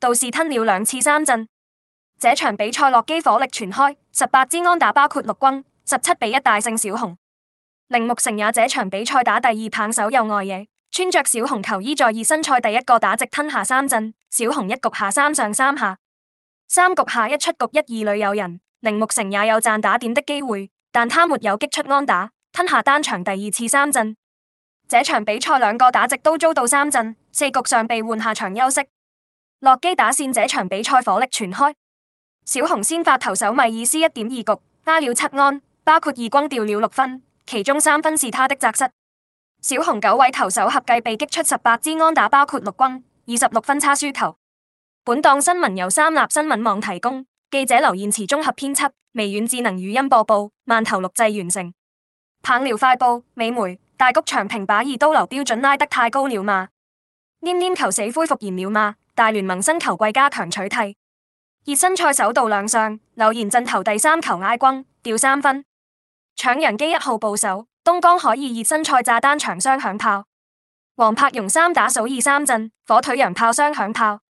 倒是吞了兩次三振。這場比賽洛磯火力全開，十八支安打包括六轟，十七比一大勝小熊。鈴木誠也這場比賽打第二棒手右外野，穿着小熊球衣在熱身賽第一個打席吞下三振。小熊一局下三上三下，三局下一出局一二壘有人，鈴木誠也有賺打點的機會，但他沒有擊出安打，吞下單場第二次三振。這場比賽兩個打席都遭到三振，四局上被換下場休息。洛磯打線這場比賽火力全開，小熊先發投手米爾斯一點二局，加了七安，包括二轟掉了六分，其中三分是他的責失。小熊九位投手合計被擊出十八支安打，包括六轟二十六分差輸球。本檔新聞由三立新聞網提供，記者劉燕慈綜合編輯，微軟智能語音播報，慢頭錄製完成。棒聊快報，美媒大谷翔平把二刀流標準拉得太高了嘛？黏黏球死灰復燃了嗎？大聯盟新球季加強取替，熱身賽首度亮相，柳賢振投第三球挨轟掉三分，搶人機一號捕手東江海義熱身賽炸單場雙響炮，王柏融三打數二三振，火腿洋炮雙響炮。